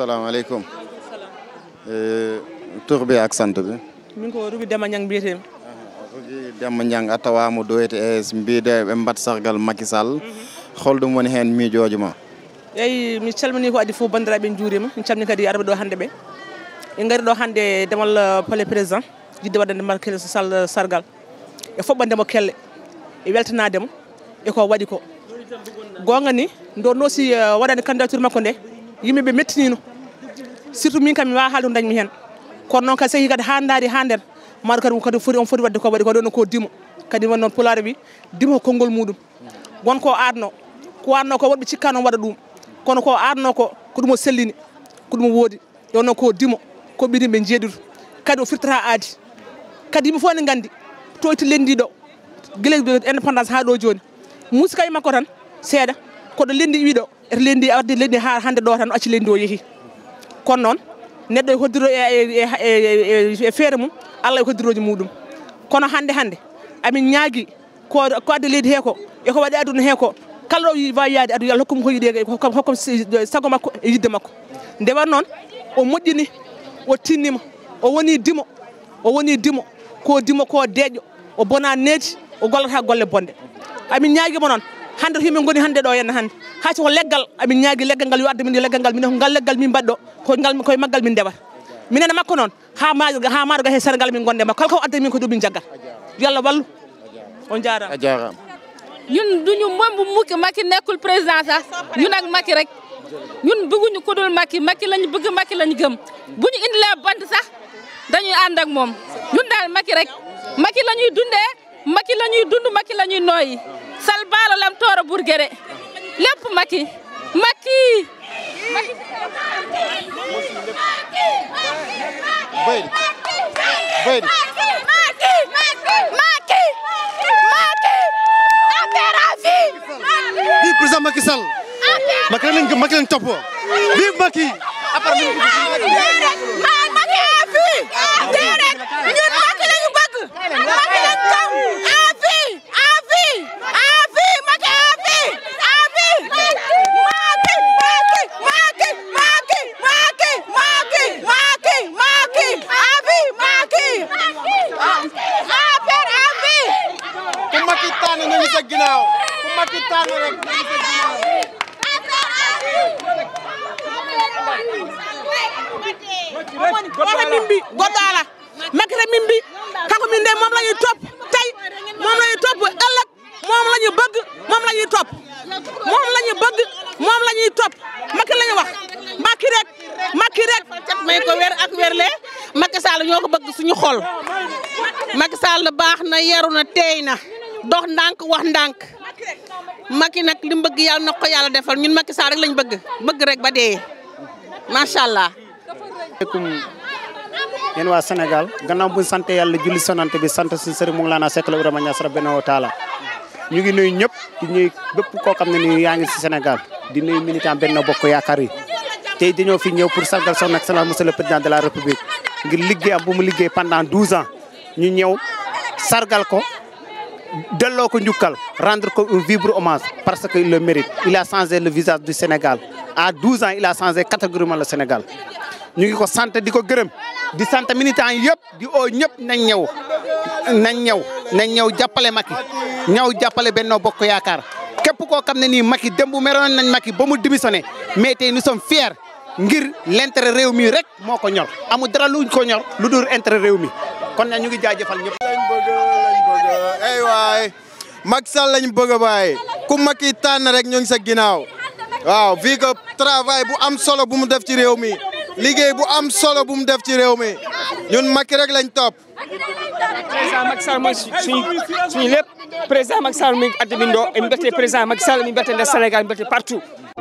asalaamaaleykum. Eh, tur bi ak sant bi. min ko rugi Demba Niang mbiyeteemi uh-huh. rugi Demba Niang a tawama doyti e mbiide ɓe mbat sargal Macky Sall woni hen miijoji ma mi calmini ko adi fof bandiraɓe juurima mi calmini kadi arɓe ɗo hannde ɓe en gari ɗo hannde ndemal uh, palais président jidde waɗande Macky uh, sargal e foɓɓandemo kelle e weltanademo eko waɗi ko gonga ni ndo noosi uh, waɗande candidature makko nde yimɓeɓe mettinino surtout min kam mi wawa haalde ko dañmi hen kono noon kadi so kadi ha daari nder maaro kadi on foti wadde ko waɗi ko ɗon ko dimo kadi won noon ko konngol muɗum wonko ko adno ko woɗɓe cikka noon waɗa ɗum kono ko adno ko ɗum o sellini ko ɗum woodi ɗon noon ko dimo ko ɓiɗi ɓe jeeɗitu kadi o firtata aadi kadi yimɓe fof ne nganndi toyti lenndi ɗo gila indépendance haa ɗo jooni musi kay makko tan seeɗa koɗo lenndi wiɗo eto lenndi haa hannde ɗo tan o acci kono noon neɗɗo e, e, e, e feere mum allah e hoddiroji muɗum kono hannde hannde amin ñaagui ko ko adde leydi he ko eko waɗi aduna he ko kala ɗo wawi yaade aduna allah hokkuma ko yiiɗe hokkam sago makko e yidde makko nde wat o moƴƴini o tinnima o woni dimo o woni dimo ko deeƴo o bona needi o gollata golle bonde amin ñaaguima noon hannde to yimɓe goni hannde ɗo henna hannde hay soko leggal amin ñaagui leggal ngal yo adda min leggal ngal ko ngal leggal min mbaɗɗo koye maggal min makko noon ha ma ga he sénégal min gonde makko kala ko addani min ko ɗum min jaggat yo wallu on jarama a jarama ñun duñu mombu mukki makki nekkul président sax ñun ak makki rek ñun bëgguñu ku makki makki lañu bëgg makki lañu gëm bu ñu indilee bant sax dañuy ànd ak moom ñun daal makki rek makki lañuy dundee Macky la ñuy dund Macky la ñuy nooyi sal baalo lam toora burgere lépp Macky Macky Macky Macky Macky affaire à vie vive président Macky Sall Macky lañ gëm Macky lañ topp vive Macky sa ginnaaw ku Macky tànn rek ñu ngi sa la Macky rek mim bi kooku mim moom la topp tey moom la topp ëllëg moom la bëgg moom la topp moom la wax Macky rek may ko weer ak weer lee Macky ñoo ko bëgg suñu xol baax na yaru na teey na dox ndànk wax ndànk Macky nag li mbëgg yaal yàlla na ko yàlla defal ñun Macky Sall rek lañ bëgg bëgg rek ba dee macha allah. asalaamaaleykum yéen waa Sénégal gannaaw bu ñu sant yàlla julli sonante bi sant si sëriñ mu ngi laanaa Seck la Ibrahima Niass rabbana wa taala ñu ngi nuyu ñëpp di bëpp bépp koo xam ne nii yaa ngi si Sénégal di nuyu militant Benno Bokk Yaakaar yi. tey dañoo fi ñëw pour sargal son excellence monsieur le président de la république ngir liggéeyam bu mu liggéey pendant 12 ans ñu ñëw sargal ko. delloo ko njukkal rendre ko un vibrant parce que le mérite il a changé le visage du Sénégal à 12 ans il a changé catégoriquement le Sénégal. ñu ngi ko sant di ko gërëm di sant militants yëpp di o ñëpp nañ ñëw nañ ñëw nañ ñëw jàppale Macky ñëw jàppale Benno Bokk Yaakaar képp koo xam ne nii Macky démb meroon nañ Macky ba mu démissionné mais tey nous sommes fiers ngir l'intérêt réew mi rek moo ko ñor amul dara luñ ko ñor lu dul intérêt réew mi kon nag ñu ngi jaajëfal ñëpp. ay waay Macky Sall lañ bëgg a bàyyi ku Macky tànn rek ñu ngi sa ginnaaw waaw vu que travail bu am solo bu mu def ci réew mi liggéey bu am solo bu mu def ci réew mi ñun Macky rek lañ topp. président Macky Sall mooy suñu suñu lépp président Macky Sall mi ngi àddina bi Ndo mi mi ngi bëtte Sénégal mi partout.